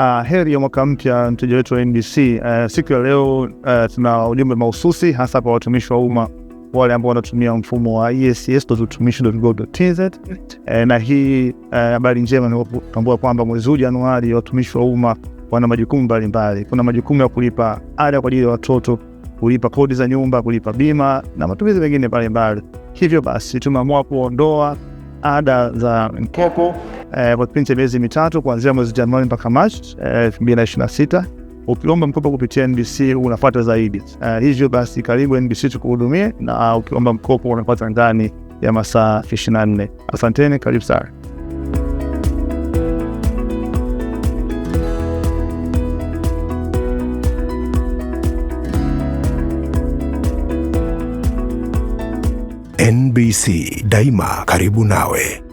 Uh, heri ya mwaka mpya mteja wetu wa NBC. Uh, eh, siku ya leo uh, tuna ujumbe mahususi hasa kwa watumishi wa umma wale ambao wanatumia mfumo wa ess.utumishi.go.tz. Uh, eh, na hii habari uh, njema ni kutambua kwamba mwezi huu Januari watumishi wa umma wana majukumu mbalimbali. Kuna majukumu ya kulipa ada kwa ajili ya watoto, kulipa kodi za nyumba, kulipa bima na matumizi mengine mbalimbali. Hivyo basi tumeamua kuondoa ada za mkopo eh, kwa kipindi cha miezi mitatu kuanzia mwezi Januari mpaka Machi eh, elfu mbili na ishirini na sita. Ukiomba mkopo kupitia NBC unafata zaidi eh, hivyo basi karibu NBC tukuhudumie, na ukiomba mkopo unapata ndani ya masaa 24. Asanteni, karibu sana. NBC daima karibu nawe.